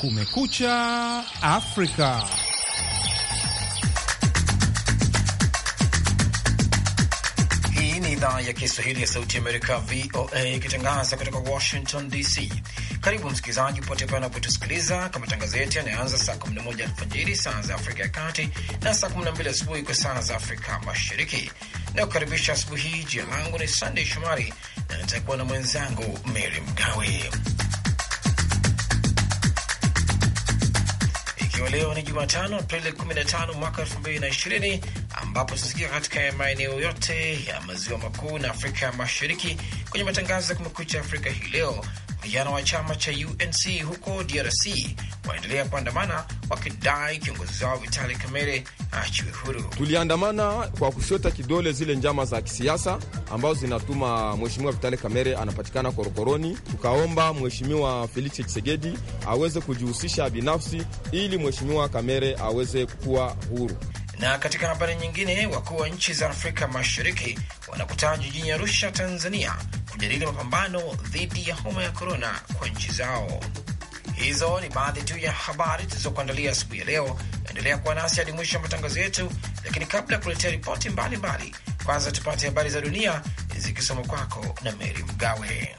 Kumekucha Afrika. Hii ni idhaa ya Kiswahili ya Sauti Amerika, VOA, ikitangaza kutoka Washington DC. Karibu msikilizaji, popote pale unapotusikiliza kwa matangazo yetu yanayoanza saa 11 alfajiri saa za Afrika ya Kati na saa 12 asubuhi kwa saa za Afrika Mashariki. Nakukaribisha asubuhi hii. Jina langu ni Sandey Shomari na nitakuwa na mwenzangu Meri Mgawe ikiwa leo ni Jumatano Aprili 15 mwaka 2020, ambapo tunasikika katika maeneo yote ya maziwa makuu na Afrika Mashariki kwenye matangazo ya Kumekucha Afrika hii leo vijana wa chama cha UNC huko DRC waendelea kuandamana wakidai kiongozi wao Vitali Kamere aachiwe huru. Tuliandamana kwa kushota kidole zile njama za kisiasa ambazo zinatuma mheshimiwa Vitali Kamere anapatikana korokoroni. Tukaomba mheshimiwa Felix chisegedi aweze kujihusisha binafsi ili mheshimiwa Kamere aweze kuwa huru. Na katika habari nyingine, wakuu wa nchi za Afrika Mashariki wanakutana jijini Arusha, Tanzania kujadili mapambano dhidi ya homa ya korona kwa nchi zao. Hizo ni baadhi tu ya habari tulizokuandalia asubuhi ya leo. Endelea kuwa nasi hadi mwisho ya matangazo yetu, lakini kabla ya kuletea ripoti mbalimbali, kwanza tupate habari za dunia zikisoma kwako na Meri Mgawe.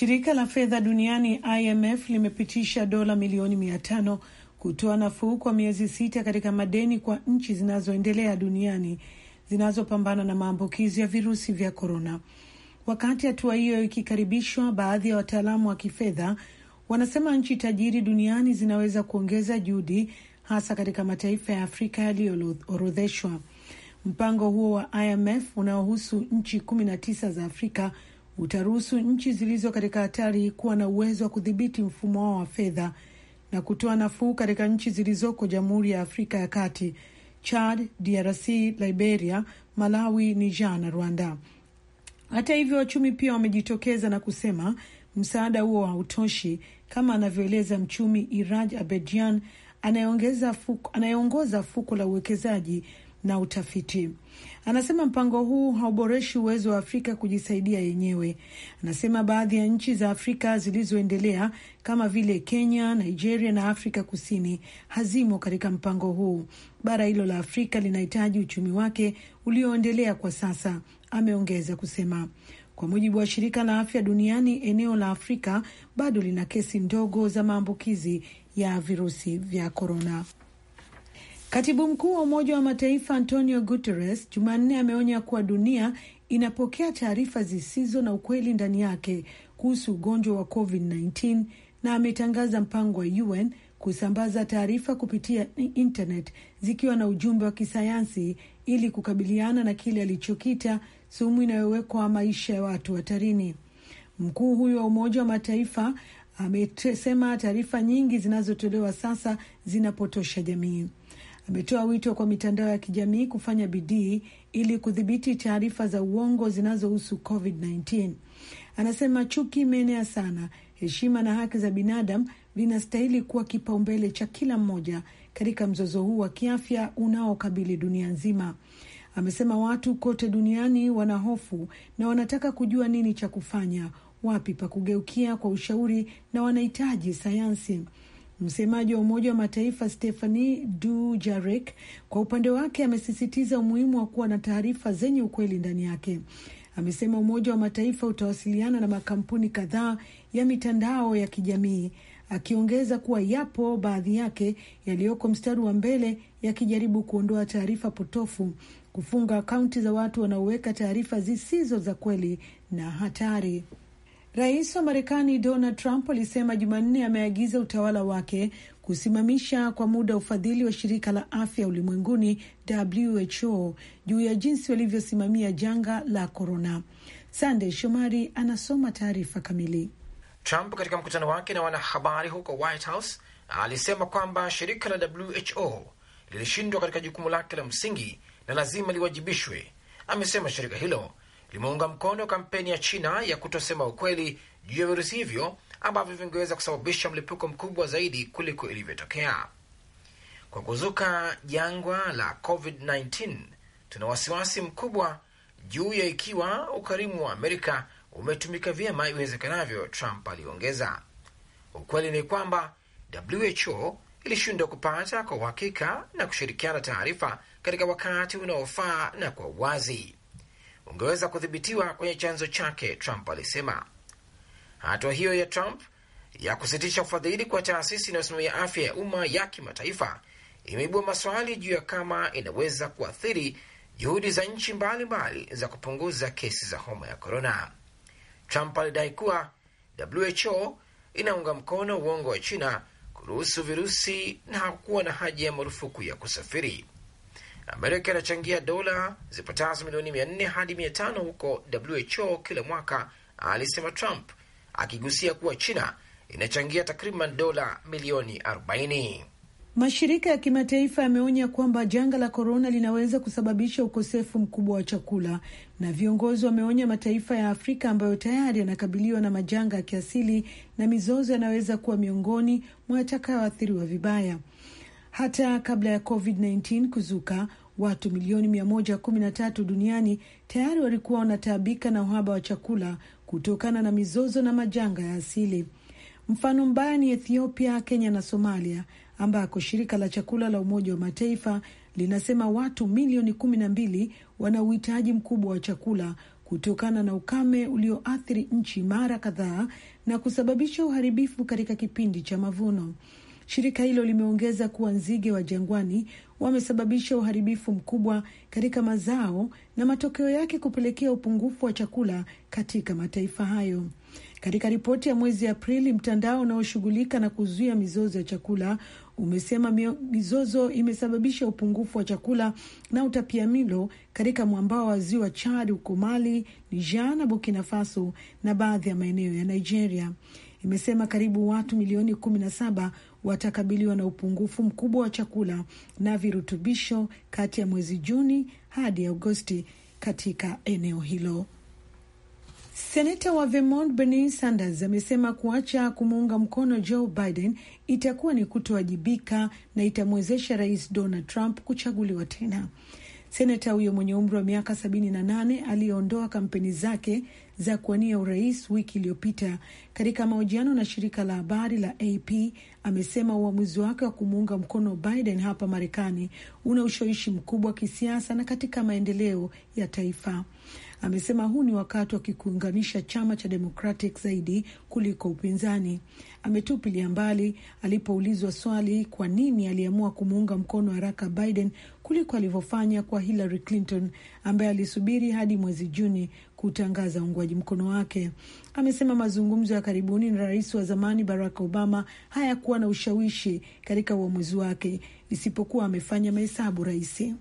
Shirika la fedha duniani IMF limepitisha dola milioni mia tano kutoa nafuu kwa miezi sita katika madeni kwa nchi zinazoendelea duniani zinazopambana na maambukizi ya virusi vya korona. Wakati hatua hiyo ikikaribishwa, baadhi ya wataalamu wa kifedha wanasema nchi tajiri duniani zinaweza kuongeza juhudi, hasa katika mataifa ya Afrika yaliyoorodheshwa. Mpango huo wa IMF unaohusu nchi kumi na tisa za Afrika utaruhusu nchi zilizo katika hatari kuwa na uwezo wa kudhibiti mfumo wao wa fedha na kutoa nafuu katika nchi zilizoko Jamhuri ya Afrika ya Kati, Chad, DRC, Liberia, Malawi, Niger na Rwanda. Hata hivyo, wachumi pia wamejitokeza na kusema msaada huo hautoshi, kama anavyoeleza mchumi Iraj Abedjian anayeongoza fuko la uwekezaji na utafiti. Anasema mpango huu hauboreshi uwezo wa Afrika kujisaidia yenyewe. Anasema baadhi ya nchi za Afrika zilizoendelea kama vile Kenya, Nigeria na Afrika Kusini hazimo katika mpango huu. Bara hilo la Afrika linahitaji uchumi wake ulioendelea kwa sasa, ameongeza kusema. Kwa mujibu wa shirika la afya duniani, eneo la Afrika bado lina kesi ndogo za maambukizi ya virusi vya korona. Katibu mkuu wa Umoja wa Mataifa Antonio Guterres Jumanne ameonya kuwa dunia inapokea taarifa zisizo na ukweli ndani yake kuhusu ugonjwa wa COVID-19 na ametangaza mpango wa UN kusambaza taarifa kupitia internet zikiwa na ujumbe wa kisayansi ili kukabiliana na kile alichokita sumu inayowekwa maisha ya watu hatarini. Mkuu huyo wa Umoja wa Mataifa amesema taarifa nyingi zinazotolewa sasa zinapotosha jamii ametoa wito kwa mitandao ya kijamii kufanya bidii ili kudhibiti taarifa za uongo zinazohusu COVID-19. Anasema chuki imeenea sana, heshima na haki za binadamu vinastahili kuwa kipaumbele cha kila mmoja katika mzozo huu wa kiafya unaokabili dunia nzima. Amesema watu kote duniani wana hofu na wanataka kujua nini cha kufanya, wapi pa kugeukia kwa ushauri, na wanahitaji sayansi. Msemaji wa Umoja wa Mataifa stephani dujarek kwa upande wake amesisitiza umuhimu wa kuwa na taarifa zenye ukweli ndani yake. Amesema Umoja wa Mataifa utawasiliana na makampuni kadhaa ya mitandao ya kijamii, akiongeza kuwa yapo baadhi yake yaliyoko mstari wa mbele yakijaribu kuondoa taarifa potofu, kufunga akaunti za watu wanaoweka taarifa zisizo za kweli na hatari. Rais wa Marekani Donald Trump alisema Jumanne ameagiza utawala wake kusimamisha kwa muda ufadhili wa shirika la afya ulimwenguni WHO juu ya jinsi walivyosimamia janga la korona. Sandey Shomari anasoma taarifa kamili. Trump katika mkutano wake na wanahabari huko White House alisema kwamba shirika la WHO lilishindwa katika jukumu lake la msingi na lazima liwajibishwe. Amesema shirika hilo limeunga mkono kampeni ya China ya kutosema ukweli juu ya virusi hivyo ambavyo vingeweza kusababisha mlipuko mkubwa zaidi kuliko ilivyotokea. Kwa kuzuka jangwa la COVID-19, tuna wasiwasi mkubwa juu ya ikiwa ukarimu wa Amerika umetumika vyema iwezekanavyo, Trump aliongeza. Ukweli ni kwamba WHO ilishindwa kupata kwa uhakika na kushirikiana taarifa katika wakati unaofaa na kwa uwazi ungeweza kudhibitiwa kwenye chanzo chake, Trump alisema. Hatua hiyo ya Trump ya kusitisha ufadhili kwa taasisi inayosimamia afya ya umma ya kimataifa imeibua maswali juu ya kama inaweza kuathiri juhudi za nchi mbalimbali za kupunguza kesi za homa ya korona. Trump alidai kuwa WHO inaunga mkono uongo wa China kuruhusu virusi na hakuwa na haja ya marufuku ya kusafiri. Amerika inachangia dola zipatazo milioni mia nne hadi mia tano huko WHO kila mwaka, alisema Trump, akigusia kuwa China inachangia takriban dola milioni 40. Mashirika ya kimataifa yameonya kwamba janga la korona linaweza kusababisha ukosefu mkubwa wa chakula, na viongozi wameonya mataifa ya Afrika ambayo tayari yanakabiliwa na majanga ya kiasili na mizozo yanaweza kuwa miongoni mwa yatakayoathiriwa vibaya. Hata kabla ya COVID-19 kuzuka, watu milioni 113 duniani tayari walikuwa wanataabika na uhaba wa chakula kutokana na mizozo na majanga ya asili. Mfano mbaya ni Ethiopia, Kenya na Somalia, ambako shirika la chakula la Umoja wa Mataifa linasema watu milioni kumi na mbili wana uhitaji mkubwa wa chakula kutokana na ukame ulioathiri nchi mara kadhaa na kusababisha uharibifu katika kipindi cha mavuno. Shirika hilo limeongeza kuwa nzige wa jangwani wamesababisha uharibifu mkubwa katika mazao na matokeo yake kupelekea upungufu wa chakula katika mataifa hayo. Katika ripoti ya mwezi Aprili, mtandao unaoshughulika na, kuzuia mizozo ya chakula umesema mizozo imesababisha upungufu wa chakula na utapiamilo katika mwambao wa ziwa Chad huko Mali, Niger na Burkina Faso na baadhi ya maeneo ya Nigeria. Imesema karibu watu milioni saba watakabiliwa na upungufu mkubwa wa chakula na virutubisho kati ya mwezi Juni hadi Agosti katika eneo hilo. Seneta wa Vermont Bernie Sanders amesema kuacha kumuunga mkono Joe Biden itakuwa ni kutowajibika na itamwezesha Rais Donald Trump kuchaguliwa tena seneta huyo mwenye umri wa miaka 78 aliyeondoa kampeni zake za kuwania urais wiki iliyopita, katika mahojiano na shirika la habari la AP amesema uamuzi wake wa kumuunga mkono Biden hapa Marekani una ushawishi mkubwa wa kisiasa na katika maendeleo ya taifa. Amesema huu ni wakati wa kikunganisha chama cha Democratic zaidi kuliko upinzani. Ametupilia mbali alipoulizwa swali kwa nini aliamua kumuunga mkono haraka Biden kuliko alivyofanya kwa Hillary Clinton ambaye alisubiri hadi mwezi Juni kutangaza uungwaji mkono wake. Amesema mazungumzo ya karibuni na rais wa zamani Barack Obama hayakuwa na ushawishi katika uamuzi wake, isipokuwa amefanya mahesabu rahisi.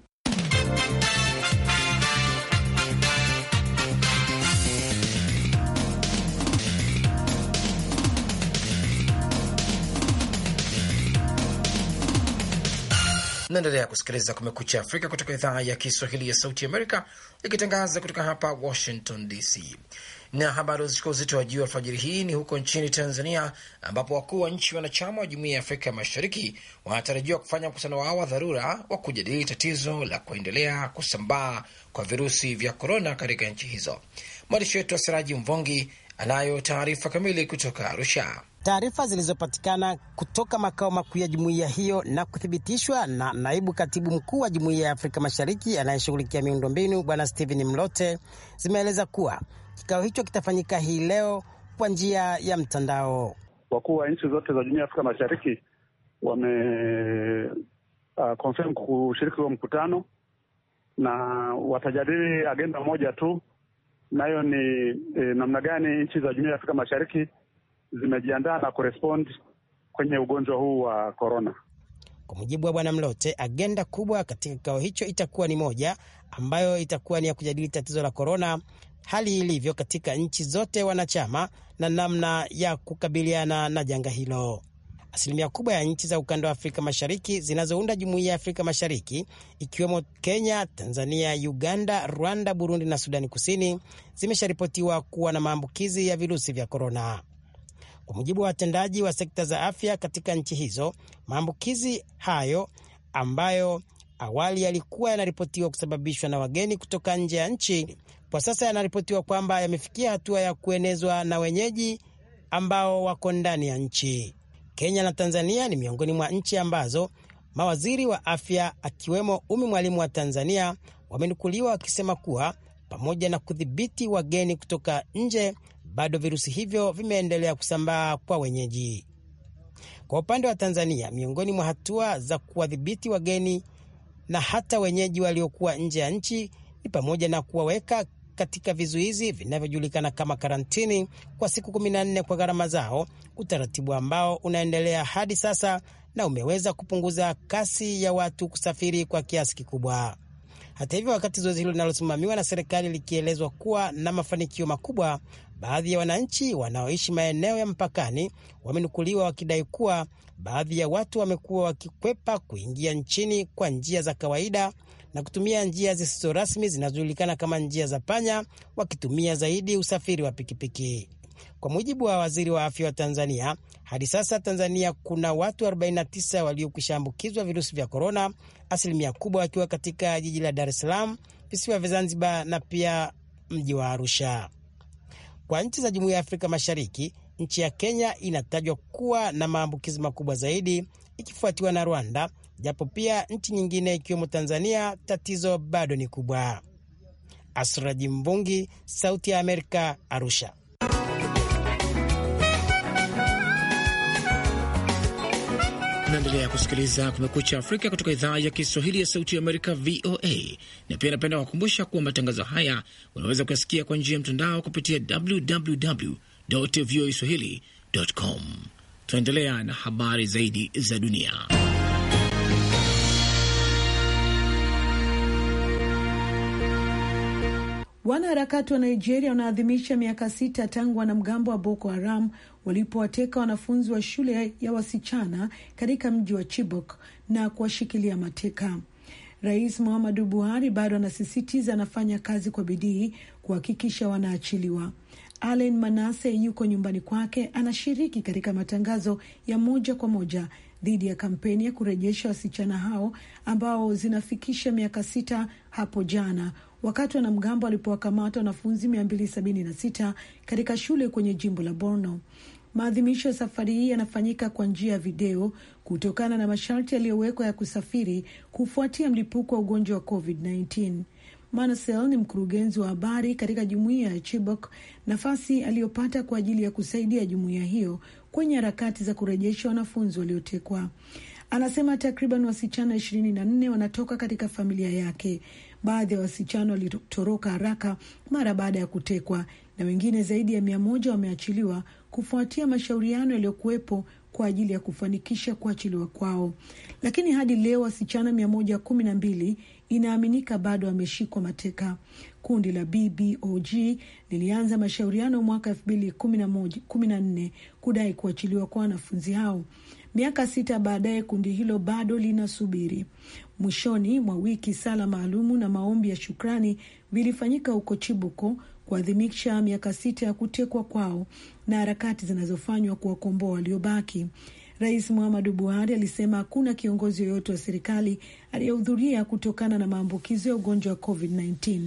Naendelea kusikiliza Kumekucha Afrika kutoka idhaa ya Kiswahili ya Sauti Amerika, ikitangaza kutoka hapa Washington DC. Na habari zilizochukua uzito wa juu alfajiri hii ni huko nchini Tanzania, ambapo wakuu wa nchi wanachama wa Jumuiya ya Afrika Mashariki wanatarajiwa kufanya mkutano wao wa dharura wa kujadili tatizo la kuendelea kusambaa kwa virusi vya korona katika nchi hizo. Mwandishi wetu wa Seraji Mvongi anayo taarifa kamili kutoka Arusha. Taarifa zilizopatikana kutoka makao makuu ya jumuiya hiyo na kuthibitishwa na naibu katibu mkuu wa jumuiya ya Afrika Mashariki anayeshughulikia miundombinu Bwana Stephen Mlote zimeeleza kuwa kikao hicho kitafanyika hii leo kwa njia ya mtandao. Wakuu wa nchi zote za jumuiya ya Afrika Mashariki wame uh, confirm kushiriki huo mkutano na watajadili agenda moja tu, nayo ni eh, namna gani nchi za jumuiya ya Afrika Mashariki zimejiandaa na kurespond kwenye ugonjwa huu wa korona. Kwa mujibu wa Bwana Mlote, agenda kubwa katika kikao hicho itakuwa ni moja ambayo itakuwa ni ya kujadili tatizo la korona, hali ilivyo katika nchi zote wanachama na namna ya kukabiliana na janga hilo. Asilimia kubwa ya nchi za ukanda wa Afrika Mashariki zinazounda jumuiya ya Afrika Mashariki, ikiwemo Kenya, Tanzania, Uganda, Rwanda, Burundi na Sudani Kusini, zimesharipotiwa kuwa na maambukizi ya virusi vya korona. Kwa mujibu wa watendaji wa sekta za afya katika nchi hizo, maambukizi hayo ambayo awali yalikuwa yanaripotiwa kusababishwa na wageni kutoka nje ya nchi, kwa sasa yanaripotiwa kwamba yamefikia hatua ya kuenezwa na wenyeji ambao wako ndani ya nchi. Kenya na Tanzania ni miongoni mwa nchi ambazo mawaziri wa afya akiwemo Umi Mwalimu wa Tanzania wamenukuliwa wakisema kuwa pamoja na kudhibiti wageni kutoka nje bado virusi hivyo vimeendelea kusambaa kwa wenyeji. Kwa upande wa Tanzania, miongoni mwa hatua za kuwadhibiti wageni na hata wenyeji waliokuwa nje ya nchi ni pamoja na kuwaweka katika vizuizi vinavyojulikana kama karantini kwa siku 14 kwa gharama zao, utaratibu ambao unaendelea hadi sasa na umeweza kupunguza kasi ya watu kusafiri kwa kiasi kikubwa. Hata hivyo, wakati zoezi hilo linalosimamiwa na serikali likielezwa kuwa na mafanikio makubwa, Baadhi ya wananchi wanaoishi maeneo ya mpakani wamenukuliwa wakidai kuwa baadhi ya watu wamekuwa wakikwepa kuingia nchini kwa njia za kawaida na kutumia njia zisizo rasmi zinazojulikana kama njia za panya, wakitumia zaidi usafiri wa pikipiki. Kwa mujibu wa waziri wa afya wa Tanzania, hadi sasa Tanzania kuna watu 49 waliokwisha ambukizwa virusi vya korona, asilimia kubwa wakiwa katika jiji la Dar es Salaam, visiwa vya Zanzibar na pia mji wa Arusha. Kwa nchi za jumuiya ya Afrika Mashariki, nchi ya Kenya inatajwa kuwa na maambukizi makubwa zaidi ikifuatiwa na Rwanda, japo pia nchi nyingine ikiwemo Tanzania tatizo bado ni kubwa. Asraji Mbungi, Sauti ya Amerika, Arusha. Unaendelea kusikiliza Kumekucha Afrika kutoka idhaa ya Kiswahili ya Sauti ya Amerika, VOA. Na pia napenda kukumbusha kuwa matangazo haya unaweza kuyasikia kwa njia ya mtandao kupitia www voa swahili.com. Tunaendelea na habari zaidi za dunia. Wanaharakati wa Nigeria wanaadhimisha miaka sita tangu wanamgambo wa Boko Haram walipowateka wanafunzi wa shule ya wasichana katika mji wa Chibok na kuwashikilia mateka. Rais Muhammadu Buhari bado anasisitiza anafanya kazi kwa bidii kuhakikisha wanaachiliwa. Alen Manase yuko nyumbani kwake, anashiriki katika matangazo ya moja kwa moja dhidi ya kampeni ya kurejesha wasichana hao ambao zinafikisha miaka sita hapo jana wakati wanamgambo walipowakamata wanafunzi 276 katika shule kwenye jimbo la Borno. Maadhimisho ya safari hii yanafanyika kwa njia ya video kutokana na masharti yaliyowekwa ya kusafiri kufuatia mlipuko wa ugonjwa wa COVID-19. Manasel ni mkurugenzi wa habari katika jumuiya ya Chibok, nafasi aliyopata kwa ajili ya kusaidia jumuiya hiyo kwenye harakati za kurejesha wanafunzi waliotekwa. Anasema takriban wasichana ishirini na nne wanatoka katika familia yake. Baadhi ya wasichana walitoroka haraka mara baada ya kutekwa na wengine zaidi ya mia moja wameachiliwa kufuatia mashauriano yaliyokuwepo kwa ajili ya kufanikisha kuachiliwa kwao, lakini hadi leo wasichana mia moja kumi na mbili inaaminika bado ameshikwa mateka. Kundi la BBOG lilianza mashauriano mwaka elfu mbili kumi na nne kudai kuachiliwa kwa wanafunzi hao. Miaka sita baadaye, kundi hilo bado linasubiri. Mwishoni mwa wiki, sala maalumu na maombi ya shukrani vilifanyika huko Chibuko kuadhimisha miaka sita ya kutekwa kwao na harakati zinazofanywa kuwakomboa waliobaki. Rais Muhammadu Buhari alisema hakuna kiongozi yoyote wa serikali aliyehudhuria kutokana na maambukizo ya ugonjwa wa COVID-19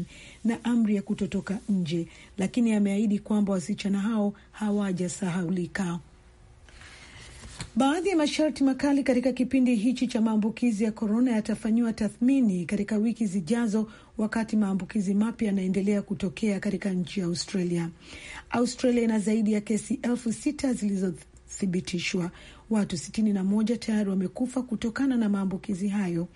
na amri ya kutotoka nje, lakini ameahidi kwamba wasichana hao hawajasahaulika. Baadhi ya masharti makali katika kipindi hichi cha maambukizi ya korona yatafanyiwa tathmini katika wiki zijazo, wakati maambukizi mapya yanaendelea kutokea katika nchi ya Australia. Australia ina zaidi ya kesi elfu sita zilizothibitishwa. Watu 61 tayari wamekufa kutokana na maambukizi hayo.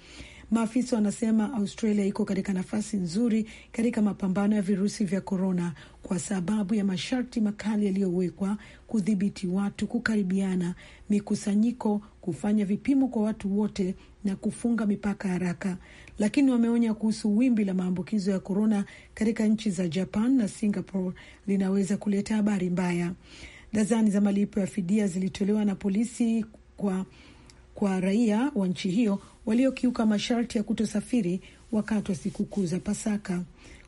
Maafisa wanasema Australia iko katika nafasi nzuri katika mapambano ya virusi vya korona kwa sababu ya masharti makali yaliyowekwa kudhibiti watu kukaribiana, mikusanyiko, kufanya vipimo kwa watu wote na kufunga mipaka haraka, lakini wameonya kuhusu wimbi la maambukizo ya korona katika nchi za Japan na Singapore linaweza kuleta habari mbaya. Dazani za malipo ya fidia zilitolewa na polisi kwa, kwa raia wa nchi hiyo waliokiuka masharti ya kutosafiri wakati wa sikukuu za Pasaka.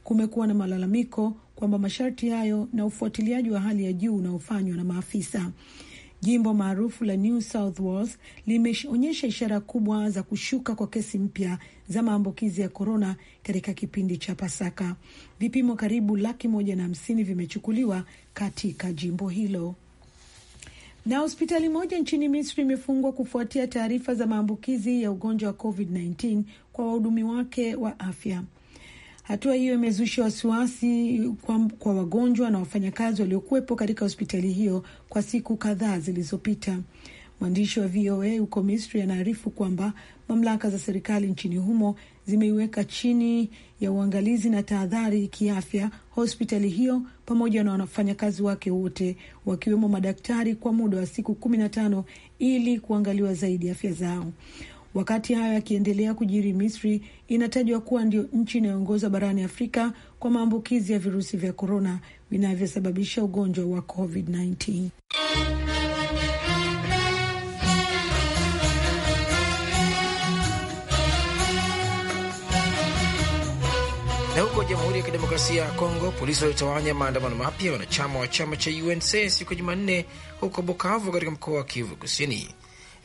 Kumekuwa na malalamiko kwamba masharti hayo na ufuatiliaji wa hali ya juu unaofanywa na maafisa. Jimbo maarufu la New South Wales limeonyesha ishara kubwa za kushuka kwa kesi mpya za maambukizi ya korona katika kipindi cha Pasaka. Vipimo karibu laki moja na hamsini vimechukuliwa katika jimbo hilo. Na hospitali moja nchini Misri imefungwa kufuatia taarifa za maambukizi ya ugonjwa wa COVID-19 kwa wahudumi wake wa afya. Hatua hiyo imezusha wasiwasi kwa, kwa wagonjwa na wafanyakazi waliokuwepo katika hospitali hiyo kwa siku kadhaa zilizopita. Mwandishi wa VOA huko Misri anaarifu kwamba mamlaka za serikali nchini humo zimeiweka chini ya uangalizi na tahadhari kiafya hospitali hiyo pamoja na wafanyakazi wake wote wakiwemo madaktari kwa muda wa siku kumi na tano ili kuangaliwa zaidi afya zao. Wakati hayo yakiendelea kujiri, Misri inatajwa kuwa ndio nchi inayoongoza barani Afrika kwa maambukizi ya virusi vya korona vinavyosababisha ugonjwa wa COVID-19. Jamhuri ya Kidemokrasia ya Kongo, polisi walitawanya maandamano mapya wanachama wa chama cha UNC siku ya Jumanne huko Bukavu, katika mkoa wa Kivu Kusini.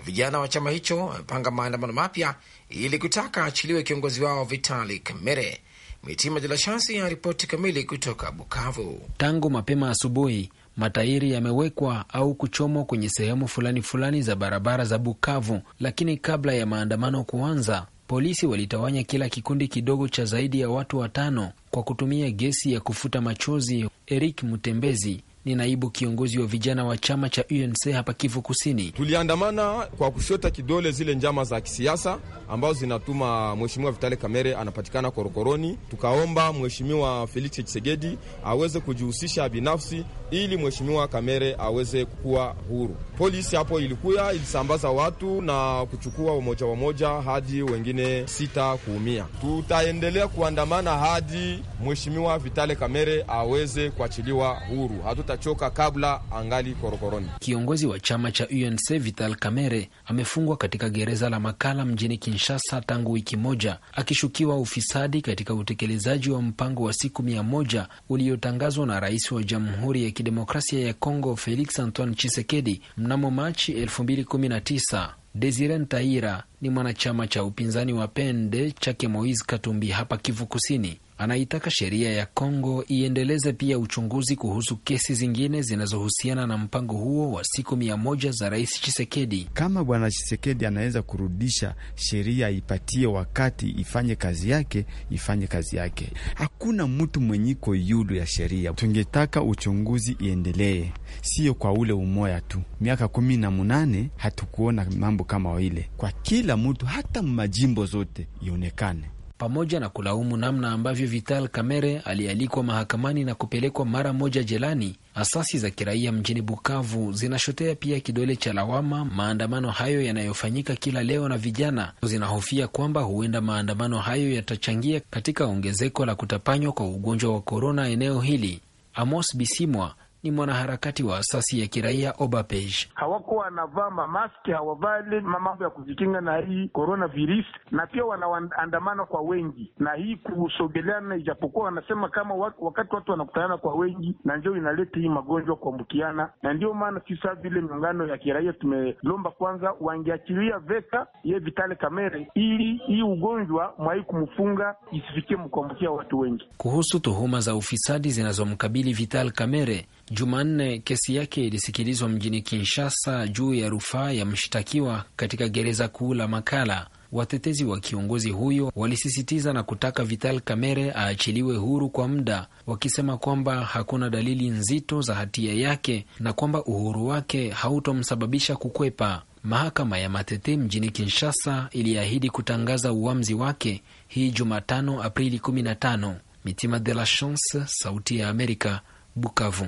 Vijana wa chama hicho wamepanga maandamano mapya ili kutaka achiliwe kiongozi wao Vitali Kamere. Mitima De La Chance ya ripoti kamili kutoka Bukavu. Tangu mapema asubuhi, matairi yamewekwa au kuchomwa kwenye sehemu fulani fulani za barabara za Bukavu, lakini kabla ya maandamano kuanza Polisi walitawanya kila kikundi kidogo cha zaidi ya watu watano kwa kutumia gesi ya kufuta machozi. Eric Mutembezi ni naibu kiongozi wa vijana wa chama cha UNC hapa Kivu Kusini. Tuliandamana kwa kushota kidole zile njama za kisiasa ambazo zinatuma mheshimiwa Vitale Kamere anapatikana korokoroni. Tukaomba mheshimiwa Felix chisegedi aweze kujihusisha binafsi ili mheshimiwa Kamere aweze kuwa huru. Polisi hapo ilikuya ilisambaza watu na kuchukua wamoja wamoja hadi wengine sita kuumia. Tutaendelea kuandamana hadi mheshimiwa Vitale Kamere aweze kuachiliwa huru. Hatuta atachoka kabla angali korokoroni. Kiongozi wa chama cha UNC Vital Kamere amefungwa katika gereza la Makala mjini Kinshasa tangu wiki moja akishukiwa ufisadi katika utekelezaji wa mpango wa siku mia moja uliotangazwa na rais wa Jamhuri ya Kidemokrasia ya Kongo Felix Antoine Chisekedi mnamo Machi 2019. Desire Ntaira ni mwanachama cha upinzani wa Pende chake Moise Katumbi hapa Kivu Kusini anaitaka sheria ya Kongo iendeleze pia uchunguzi kuhusu kesi zingine zinazohusiana na mpango huo wa siku mia moja za Rais Chisekedi. Kama Bwana Chisekedi anaweza kurudisha sheria, ipatie wakati ifanye kazi yake, ifanye kazi yake. Hakuna mtu mwenyiko yulu ya sheria. Tungetaka uchunguzi iendelee, siyo kwa ule umoya tu. Miaka kumi na munane hatukuona mambo kama ile kwa kila mtu, hata majimbo zote ionekane pamoja na kulaumu namna ambavyo Vital Kamerhe alialikwa mahakamani na kupelekwa mara moja jelani. Asasi za kiraia mjini Bukavu zinashotea pia kidole cha lawama maandamano hayo yanayofanyika kila leo na vijana. Zinahofia kwamba huenda maandamano hayo yatachangia katika ongezeko la kutapanywa kwa ugonjwa wa korona eneo hili. Amos Bisimwa ni mwanaharakati wa asasi ya kiraia Obapej. hawako wanavaa mamaski, hawavali mambo ya kujikinga na hii corona virus, na pia wanaandamana kwa wengi na hii kusogeleana, ijapokuwa wanasema kama wakati watu wanakutana kwa wengi na ndio inaleta hii magonjwa kuambukiana, na ndiyo maana sisa vile miungano ya kiraia tumelomba kwanza wangeachilia veta ye Vitale Kamere ili hii ugonjwa mwai kumfunga isifikie mkuambukia watu wengi. Kuhusu tuhuma za ufisadi zinazomkabili Vital Kamere, Jumanne kesi yake ilisikilizwa mjini Kinshasa juu ya rufaa ya mshtakiwa katika gereza kuu la Makala. Watetezi wa kiongozi huyo walisisitiza na kutaka Vital Kamerhe aachiliwe huru kwa muda, wakisema kwamba hakuna dalili nzito za hatia yake na kwamba uhuru wake hautomsababisha kukwepa. Mahakama ya Matete mjini Kinshasa iliahidi kutangaza uamuzi wake hii Jumatano, Aprili 15. Mitima de la Chance, Sauti ya Amerika, Bukavu.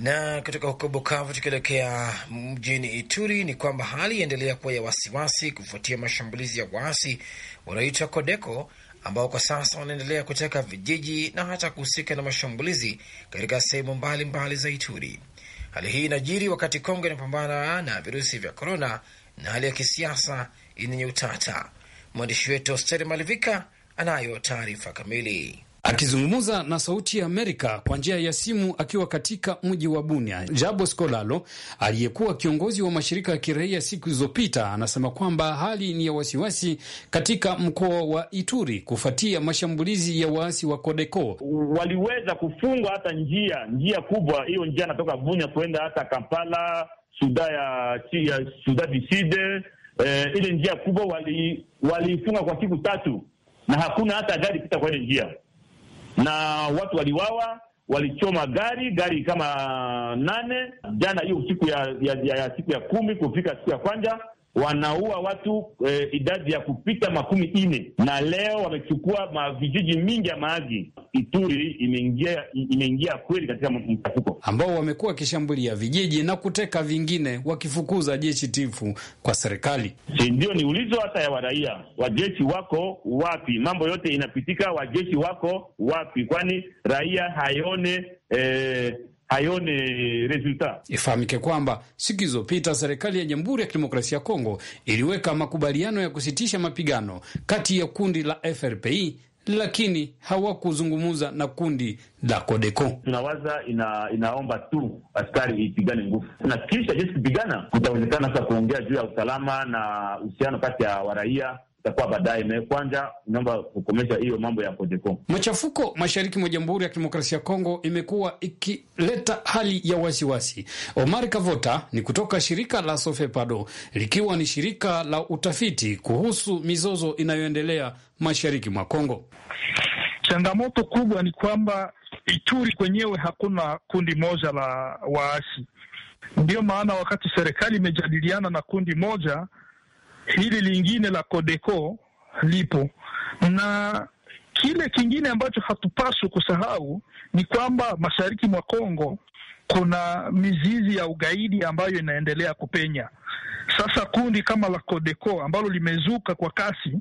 Na kutoka huko Bukavu tukielekea mjini Ituri ni kwamba hali yaendelea kuwa ya wasiwasi kufuatia mashambulizi ya waasi wanaoitwa Kodeko ambao kwa sasa wanaendelea kuteka vijiji na hata kuhusika na mashambulizi katika sehemu mbalimbali za Ituri. Hali hii inajiri wakati Kongo inapambana na virusi vya korona na hali ya kisiasa yenye utata. Mwandishi wetu Osteri Malivika anayo taarifa kamili. Akizungumza na Sauti ya Amerika kwa njia ya simu akiwa katika mji wa Bunia, Jabo scolalo aliyekuwa kiongozi wa mashirika ya kiraia siku zilizopita anasema kwamba hali ni ya wasiwasi katika mkoa wa Ituri kufuatia mashambulizi ya waasi wa Kodeko. Waliweza kufungwa hata njia njia kubwa, hiyo njia anatoka Bunia kuenda hata Kampala, Suda ya, ya Suda Biside. Eh, ile njia kubwa waliifunga wali kwa siku tatu na hakuna hata gari pita kwa ile njia na watu waliwawa, walichoma gari gari kama nane jana hiyo siku ya, ya, ya, ya siku ya kumi kufika siku ya kwanja wanaua watu eh, idadi ya kupita makumi ine na leo wamechukua mavijiji mingi ya maji. Ituri imeingia imeingia kweli katika mchafuko ambao wamekuwa wakishambulia vijiji na kuteka vingine, wakifukuza jeshi tifu kwa serikali. Si ndio? Ni ulizo hata ya waraia, wajeshi wako wapi? Mambo yote inapitika, wajeshi wako wapi? Kwani raia hayone eh, haione resulta. Ifahamike kwamba siku zilizopita serikali ya Jamhuri ya Kidemokrasia ya Kongo iliweka makubaliano ya kusitisha mapigano kati ya kundi la FRPI lakini hawakuzungumza na kundi la Kodeko. Tunawaza ina, inaomba tu askari ipigane nguvu, na kisha jeshi kupigana, kutawezekana sasa kuongea juu ya usalama na uhusiano kati ya waraia itakuwa baadaye. Kwanza naomba kukomesha hiyo mambo ya Codeco. Machafuko mashariki mwa Jamhuri ya Kidemokrasia ya Kongo imekuwa ikileta hali ya wasiwasi. Omar Kavota ni kutoka shirika la Sofepado, likiwa ni shirika la utafiti kuhusu mizozo inayoendelea mashariki mwa Kongo. Changamoto kubwa ni kwamba Ituri kwenyewe hakuna kundi moja la waasi, ndiyo maana wakati serikali imejadiliana na kundi moja hili lingine la Codeco lipo na kile kingine ambacho hatupaswi kusahau ni kwamba mashariki mwa Kongo kuna mizizi ya ugaidi ambayo inaendelea kupenya. Sasa kundi kama la Codeco ambalo limezuka kwa kasi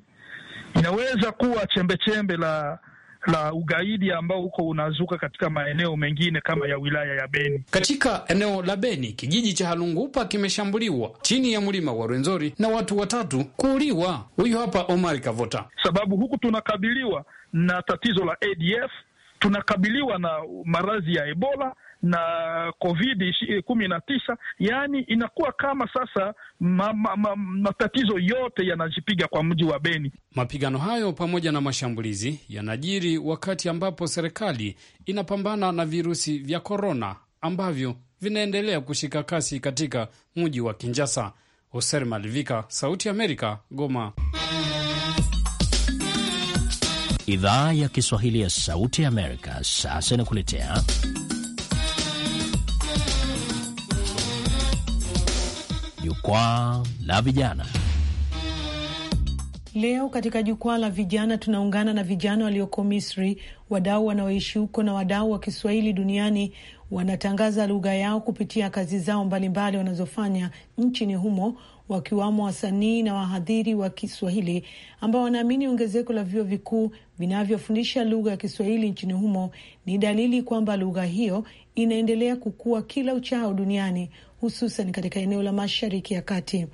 inaweza kuwa chembechembe la la ugaidi ambao huko unazuka katika maeneo mengine kama ya wilaya ya Beni. Katika eneo la Beni, kijiji cha Halungupa kimeshambuliwa chini ya mlima wa Rwenzori na watu watatu kuuliwa. Huyu hapa Omar Kavota. Sababu huku tunakabiliwa na tatizo la ADF, tunakabiliwa na maradhi ya Ebola na covid eh, kumi na tisa, yaani inakuwa kama sasa ma, ma, ma, matatizo yote yanajipiga kwa mji wa Beni. Mapigano hayo pamoja na mashambulizi yanajiri wakati ambapo serikali inapambana na virusi vya korona ambavyo vinaendelea kushika kasi katika mji wa kinjasa Hoser Malivika, Sauti Amerika, Goma. Idhaa ya Kiswahili ya Sauti Amerika sasa inakuletea jukwaa la vijana. Leo katika jukwaa la vijana tunaungana na vijana walioko Misri, wadau wanaoishi huko na wadau wa Kiswahili duniani wanatangaza lugha yao kupitia kazi zao mbalimbali wanazofanya nchini humo, wakiwamo wasanii na wahadhiri wa Kiswahili ambao wanaamini ongezeko la vyuo vikuu vinavyofundisha lugha ya Kiswahili nchini humo ni dalili kwamba lugha hiyo inaendelea kukua kila uchao duniani, hususan katika eneo la Mashariki ya Kati.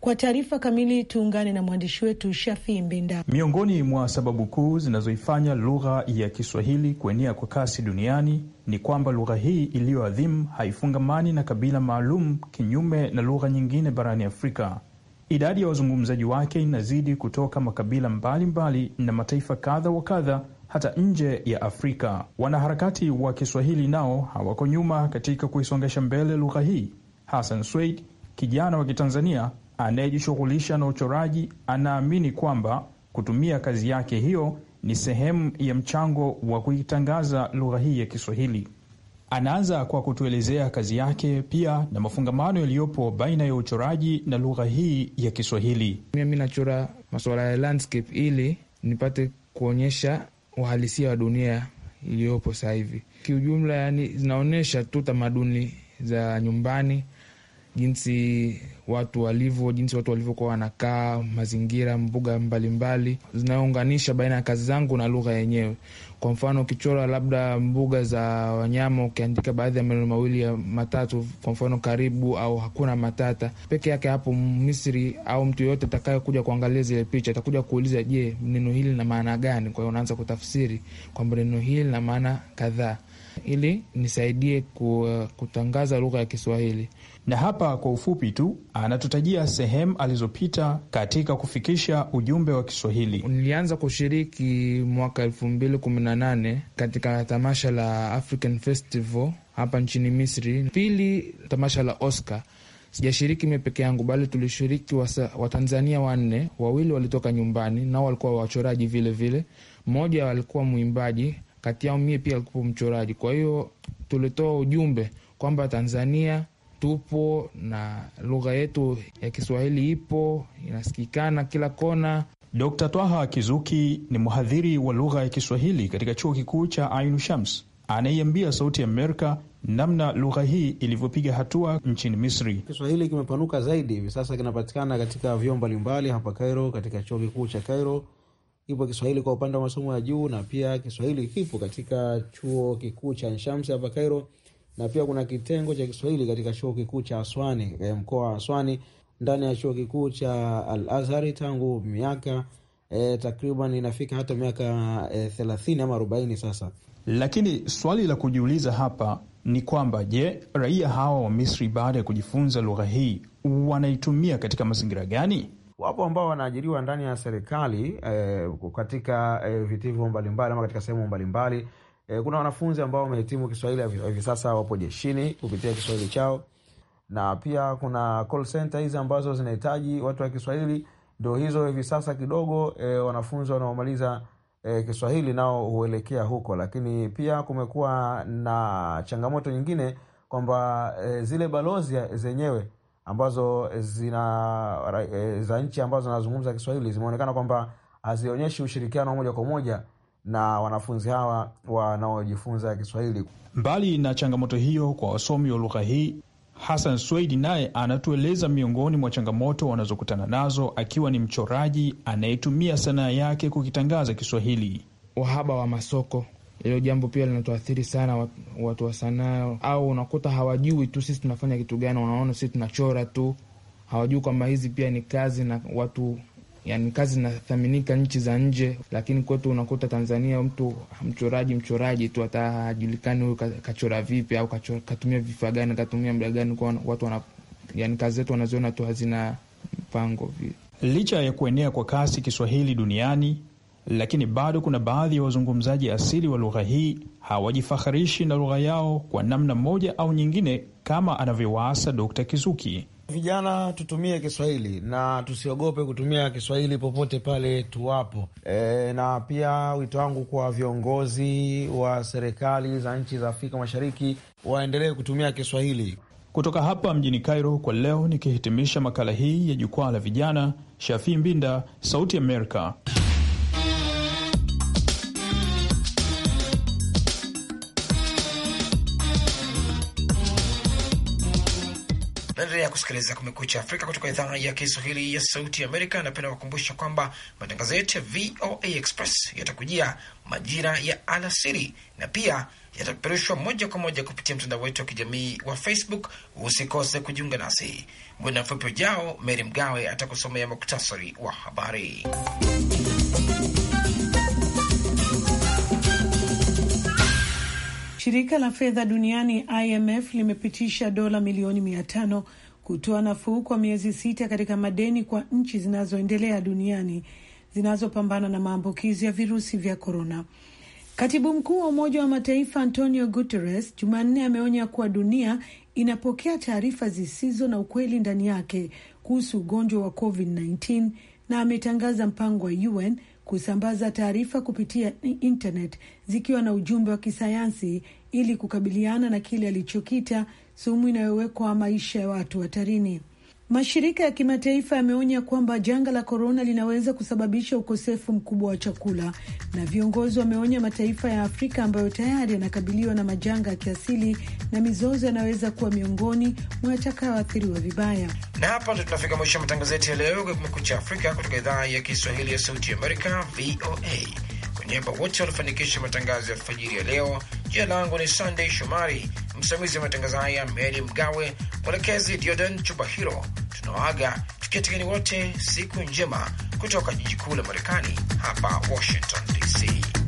Kwa taarifa kamili tuungane na mwandishi wetu Shafii Mbinda. Miongoni mwa sababu kuu zinazoifanya lugha ya Kiswahili kuenea kwa kasi duniani ni kwamba lugha hii iliyoadhimu haifungamani na kabila maalum, kinyume na lugha nyingine barani Afrika. Idadi ya wazungumzaji wake inazidi kutoka makabila mbalimbali mbali na mataifa kadha wa kadha hata nje ya Afrika. Wanaharakati wa Kiswahili nao hawako nyuma katika kuisongesha mbele lugha hii Hassan Sweid, kijana wa Kitanzania anayejishughulisha na uchoraji, anaamini kwamba kutumia kazi yake hiyo ni sehemu ya mchango wa kuitangaza lugha hii ya Kiswahili. Anaanza kwa kutuelezea kazi yake pia na mafungamano yaliyopo baina ya uchoraji na lugha hii ya Kiswahili. Mimi nachora masuala ya landscape ili nipate kuonyesha uhalisia wa dunia iliyopo sasa hivi. Kiujumla, yani zinaonyesha tu tamaduni za nyumbani jinsi watu walivyo, jinsi watu walivyokuwa wanakaa, mazingira, mbuga mbalimbali zinayounganisha baina ya kazi zangu na lugha yenyewe. Kwa mfano, ukichora labda mbuga za wanyama, ukiandika baadhi ya maneno mawili ya matatu, kwa mfano karibu au hakuna matata peke yake, hapo Misri au mtu yoyote atakaye kuja kuangalia zile picha atakuja kuuliza, je, neno hili lina maana gani? Kwa hiyo unaanza kutafsiri kwamba neno hili lina maana kadhaa, ili nisaidie eh, kutangaza lugha ya Kiswahili na hapa kwa ufupi tu anatutajia sehemu alizopita katika kufikisha ujumbe wa Kiswahili. Nilianza kushiriki mwaka elfu mbili kumi na nane katika tamasha la African Festival hapa nchini Misri, pili tamasha la Oscar. Sijashiriki mie peke yangu, bali tulishiriki Watanzania wa wanne, wawili walitoka nyumbani, nao walikuwa wachoraji vilevile, mmoja alikuwa mwimbaji, kati yao mie pia alikuwa mchoraji. Kwa hiyo tulitoa ujumbe kwamba Tanzania tupo na lugha yetu ya Kiswahili ipo inasikikana kila kona. Dr. Twaha Kizuki ni mhadhiri wa lugha ya Kiswahili katika chuo kikuu cha Ainu Shams anayeambia Sauti ya Amerika namna lugha hii ilivyopiga hatua nchini Misri. Kiswahili kimepanuka zaidi hivi sasa, kinapatikana katika vyuo mbalimbali hapa Cairo, katika chuo kikuu cha Cairo ipo Kiswahili kwa upande wa masomo ya juu, na pia Kiswahili kipo katika chuo kikuu cha Nshamsi hapa Cairo na pia kuna kitengo cha Kiswahili katika chuo kikuu cha Aswani, eh, mkoa wa Aswani ndani ya chuo kikuu cha Al Azhari tangu miaka eh, takriban inafika hata miaka eh, thelathini ama arobaini sasa. Lakini swali la kujiuliza hapa ni kwamba je, raia hawa wa Misri baada ya kujifunza lugha hii wanaitumia katika mazingira gani? Wapo ambao wanaajiriwa ndani ya serikali eh, katika eh, vitivo mbalimbali ama katika sehemu mbalimbali E, kuna wanafunzi ambao wamehitimu Kiswahili hivi sasa wapo jeshini kupitia Kiswahili chao, na pia kuna call center hizi ambazo zinahitaji watu wa Kiswahili, ndio hizo hivi sasa kidogo. E, wanafunzi wanaomaliza e, Kiswahili nao huelekea huko, lakini pia kumekuwa na changamoto nyingine kwamba e, zile balozi zenyewe ambazo zina e, za nchi ambazo zinazungumza Kiswahili zimeonekana kwamba hazionyeshi ushirikiano moja kwa moja na wanafunzi hawa wanaojifunza Kiswahili. Mbali na changamoto hiyo kwa wasomi wa lugha hii, Hasan Swedi naye anatueleza miongoni mwa changamoto wanazokutana nazo, akiwa ni mchoraji anayetumia sanaa yake kukitangaza Kiswahili. Uhaba wa masoko, hilo jambo pia linatuathiri sana watu wa sanaa, au unakuta hawajui tu sisi tunafanya kitu gani. Wanaona sisi tunachora tu, hawajui kwamba hizi pia ni kazi na watu yani kazi zinathaminika nchi za nje, lakini kwetu unakuta Tanzania mtu mchoraji mchoraji tu hata hajulikani huyu kachora vipi au kachora, katumia vifaa gani katumia muda gani, kwa watu wana, yani kazi zetu wanaziona tu hazina mpango vile. Licha ya kuenea kwa kasi Kiswahili duniani, lakini bado kuna baadhi ya wazungumzaji asili wa lugha hii hawajifaharishi na lugha yao kwa namna moja au nyingine, kama anavyowaasa Dkt. Kizuki. Vijana tutumie Kiswahili na tusiogope kutumia Kiswahili popote pale tuwapo. E, na pia wito wangu kwa viongozi wa serikali za nchi za Afrika Mashariki waendelee kutumia Kiswahili. Kutoka hapa mjini Cairo kwa leo, nikihitimisha makala hii ya jukwaa la vijana, Shafii Mbinda, Sauti Amerika. kusikiliza kusikiliza Kumekucha Afrika kutoka idhaa ya Kiswahili ya Sauti Amerika. Napenda kukumbusha kwamba matangazo yetu ya VOA Express yatakujia majira ya alasiri na pia yatapeperushwa moja kwa moja kupitia mtandao wetu wa kijamii wa Facebook. Usikose kujiunga nasi. Muda mfupi ujao, mery Mgawe atakusomea muktasari wa habari. Shirika la fedha duniani IMF limepitisha dola milioni mia tano kutoa nafuu kwa miezi sita katika madeni kwa nchi zinazoendelea duniani zinazopambana na maambukizi ya virusi vya korona. Katibu mkuu wa Umoja wa Mataifa Antonio Guterres Jumanne ameonya kuwa dunia inapokea taarifa zisizo na ukweli ndani yake kuhusu ugonjwa wa COVID-19 na ametangaza mpango wa UN kusambaza taarifa kupitia internet zikiwa na ujumbe wa kisayansi ili kukabiliana na kile alichokita sumu inayowekwa maisha ya watu hatarini. Mashirika ya kimataifa yameonya kwamba janga la korona linaweza kusababisha ukosefu mkubwa wa chakula, na viongozi wameonya mataifa ya Afrika ambayo tayari yanakabiliwa na majanga ya kiasili na mizozo yanaweza kuwa miongoni mwa yatakayoathiriwa vibaya. Na hapa ndo tunafika mwisho wa matangazo yetu ya leo ya Kumekucha Afrika kutoka idhaa ya Kiswahili ya Sauti ya Amerika, VOA niaba wote walifanikisha matangazo ya alfajiri ya leo. Jina langu ni Sunday Shomari, msimamizi wa matangazo haya Mary Mgawe, mwelekezi Diodan Chubahiro. Tunawaaga tukiatikani wote siku njema kutoka jiji kuu la Marekani hapa Washington DC.